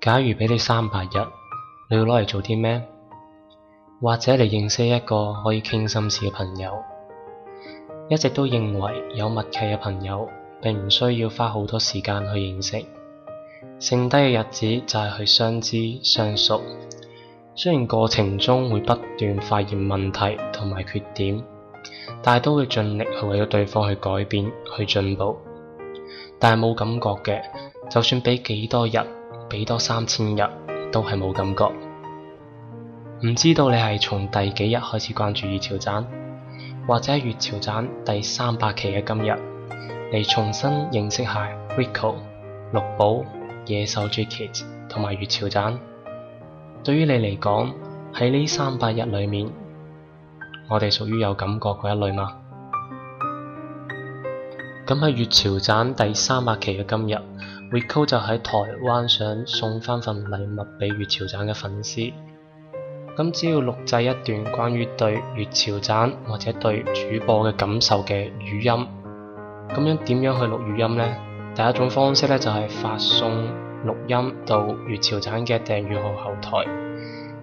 假如畀你三百日，你要攞嚟做啲咩？或者嚟認識一個可以傾心事嘅朋友，一直都認為有默契嘅朋友，並唔需要花好多時間去認識，剩低嘅日子就係去相知相熟。雖然過程中會不斷發現問題同埋缺點，但係都會盡力去為咗對方去改變去進步。但係冇感覺嘅，就算畀幾多日。俾多三千日都係冇感覺，唔知道你係從第幾日開始關注月潮盞，或者月潮盞第三百期嘅今日嚟重新認識下 Rico、六寶、野獸 Jacket 同埋月潮盞。對於你嚟講，喺呢三百日裏面，我哋屬於有感覺嗰一類嗎？咁喺月潮盞第三百期嘅今日。Recall 就喺台灣，想送翻份禮物俾月潮盞嘅粉絲。咁只要錄製一段關於對月潮盞或者對主播嘅感受嘅語音。咁樣點樣去錄語音呢？第一種方式咧就係發送錄音到月潮盞嘅訂閱號後台。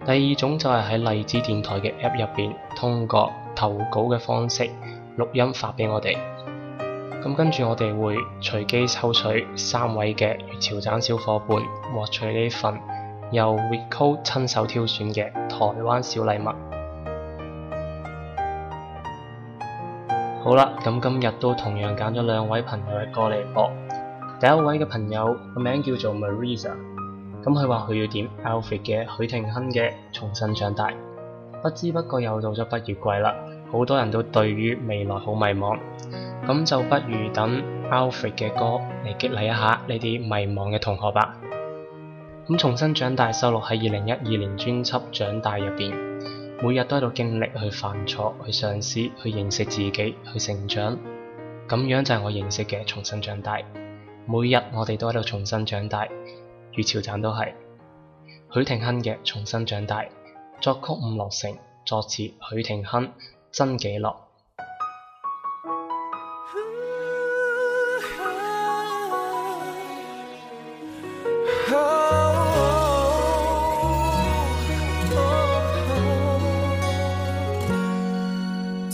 第二種就係喺荔枝電台嘅 App 入面，通過投稿嘅方式錄音發俾我哋。咁跟住我哋會隨機抽取三位嘅月潮盞小伙伴，獲取呢份由 Rico 親手挑選嘅台灣小禮物。好啦，咁今日都同樣揀咗兩位朋友嚟過嚟播。第一位嘅朋友個名叫做 Marisa，咁佢話佢要點 Alfred 嘅許廷鏗嘅重新長大。不知不覺又到咗畢業季啦，好多人都對於未來好迷茫。咁就不如等 Alfred 嘅歌嚟激勵一下呢啲迷茫嘅同學吧。咁重新長大收錄喺二零一二年專輯《長大》入邊，每日都喺度經歷去犯錯、去嘗試、去認識自己、去成長。咁樣就係我認識嘅重新長大。每日我哋都喺度重新長大，如潮漲都係許廷鏗嘅重新長大，作曲伍樂城，作詞許廷鏗、曾紀樂。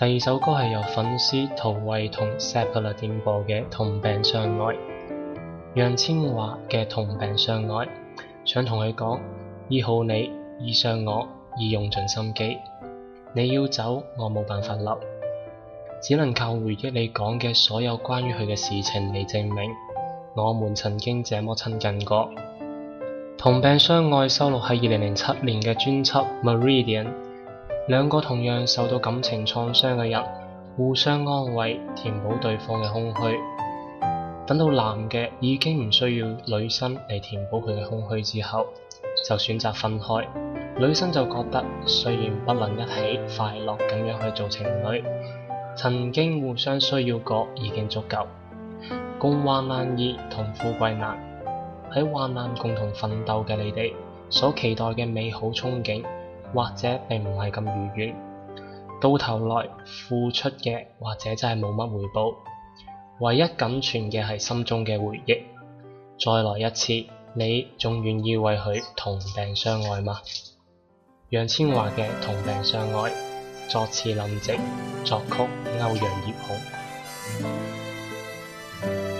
第二首歌係由粉絲陶慧同 Sparrow 點播嘅《同病相愛》，楊千嬅嘅《同病相愛》，想同佢講，醫好你，醫上我，醫用盡心機，你要走，我冇辦法留，只能靠回憶你講嘅所有關於佢嘅事情嚟證明，我們曾經這麼親近過。《同病相愛》收錄喺二零零七年嘅專輯《Meridian》。兩個同樣受到感情創傷嘅人，互相安慰，填補對方嘅空虛。等到男嘅已經唔需要女生嚟填補佢嘅空虛之後，就選擇分開。女生就覺得雖然不能一起快樂咁樣去做情侶，曾經互相需要過已經足夠。共患難易同富貴難。喺患難共同奮鬥嘅你哋，所期待嘅美好憧憬。或者並唔係咁如願，到頭來付出嘅或者真係冇乜回報，唯一僅存嘅係心中嘅回憶。再來一次，你仲願意為佢同病相愛嗎？楊千嬅嘅《同病相愛》，作詞林夕，作曲歐陽葉紅。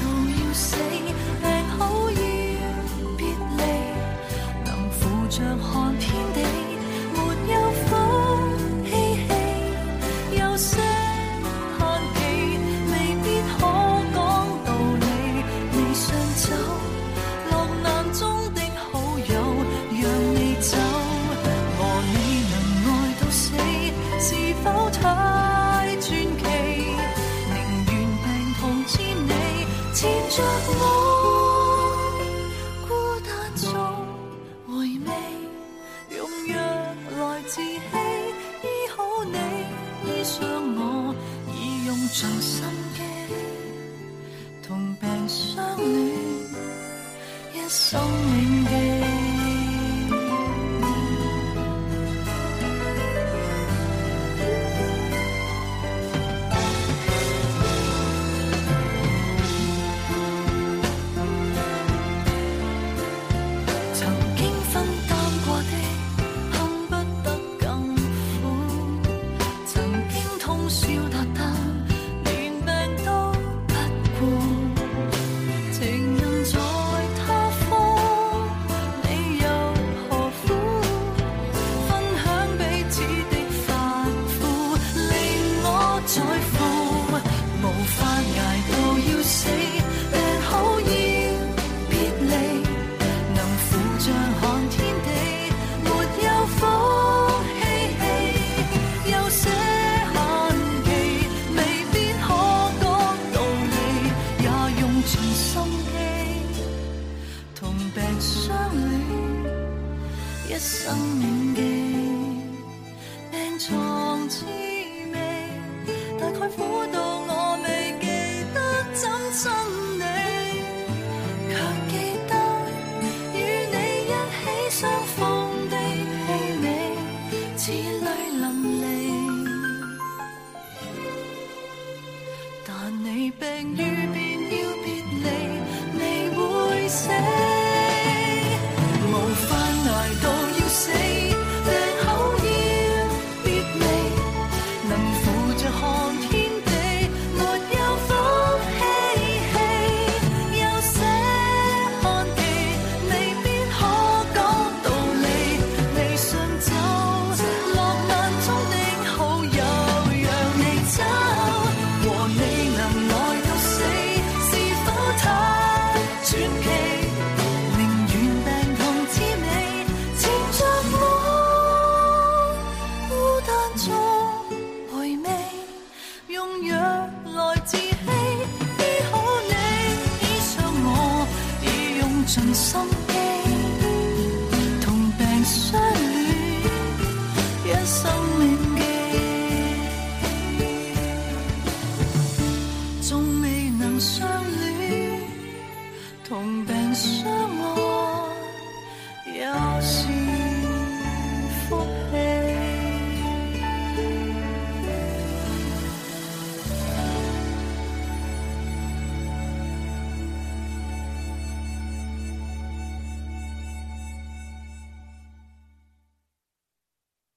同病福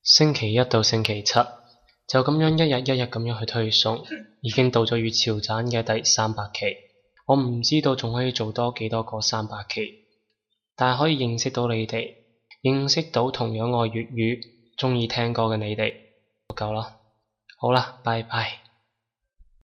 星期一到星期七，就咁樣一日一日咁樣去推送，已經到咗《粵潮站》嘅第三百期。我唔知道仲可以做多幾多個三百期，但係可以認識到你哋，認識到同樣愛粵語、鍾意聽歌嘅你哋，夠啦。好啦，拜拜。